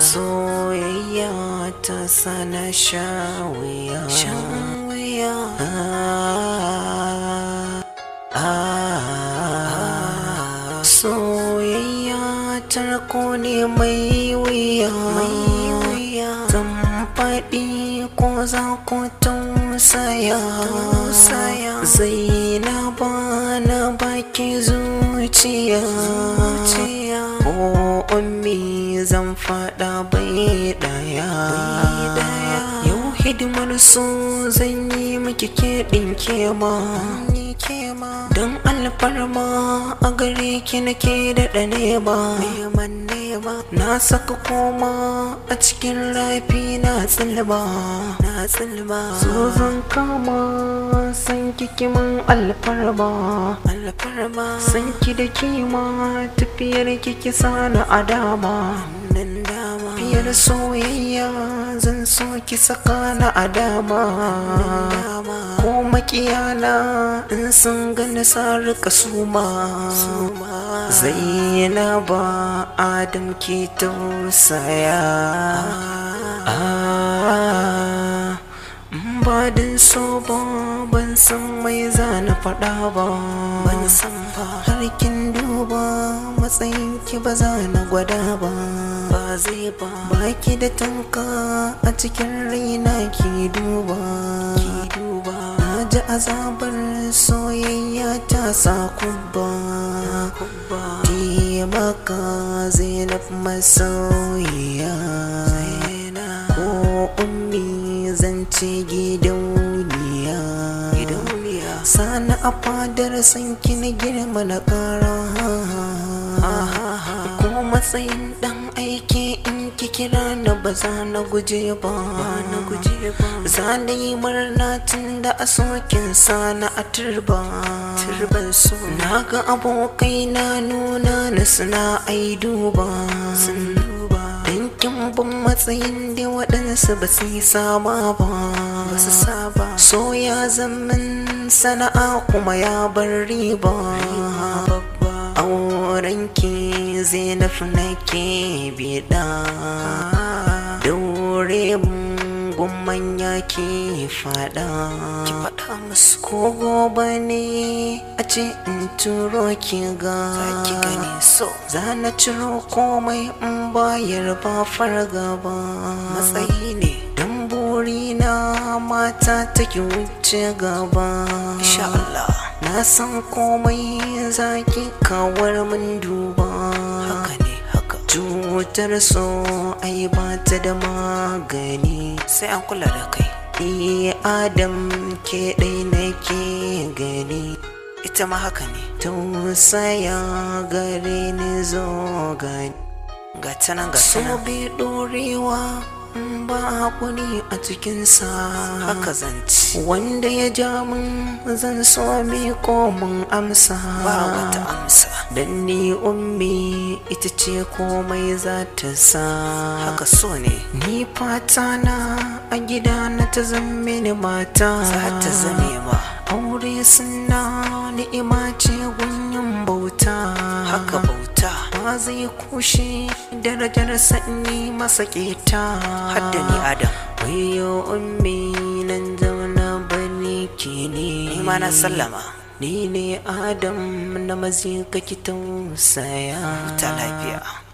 soyayya ta sana shawiya shawiya soyayya tarko ne mai wuya zan faɗi ko za ku saya saya zainaba na baki zuciya ko ummi zan fada bai daya yau hidimar su zan yi miki keɗin kema alfarma a gare ki nake da ɗane ba na saka koma a cikin rafi na tsilba na tsilba so zan kama san kikiman alfarma alfarma san ki da kima tafiyar kiki sana adama hannun dama fiye da soyayya zan so ki saka na a dama ko makiyana in sun gani sa rika suma na ba adam ki tausaya badin ah. ah. so ba ban san mai zana faɗa ba ba ki ba za na gwada ba ba zai ba baki da tanka a cikin raina ki duba ki duba na ji azabar soyayya ta sa kubba maka, zainab masoyiya ko ummi zan gidan gidauniya sana a fadar sanki na girma na ƙara. matsayin dan aiki in ki kira na ba za na guje ba na za yi murna tun da a sokin sa na a turba turban su na ga abokai na nuna na suna ai duba sun bin matsayin da waɗansu ba su yi saba ba su so ya zaman sana'a kuma ya bar riba aurenki zai nafi nake bida dore gumanya ki fada ki fada gobe ne a ce in turo ki ga so za na ciro komai in bayar ba fargaba matsayi ne buri mata take wuce gaba insha Allah na san komai zaki kawar mun duba haka ne haka cutar so ai ba ta da magani sai an kula da kai eh adam ke dai nake gani ita ma haka ne tausaya gare ni zo gani ga tana ga tana so bi dorewa ba haƙuri a cikinsa haka zanci wanda ya ja mun zan so mi komin amsa ba wata amsa dan ni ummi ita ce komai za ta sa haka so ne ni fata na a gida na ta zame ni mata za ta zame ba. aure suna ni'ima ce gunyin bauta haka zai kushe darajar sanyi masa keta hadda ni adam wayo ummi nan zauna bane ke ne ni na sallama ni ne adam na mazi kitan tausaya ta lafiya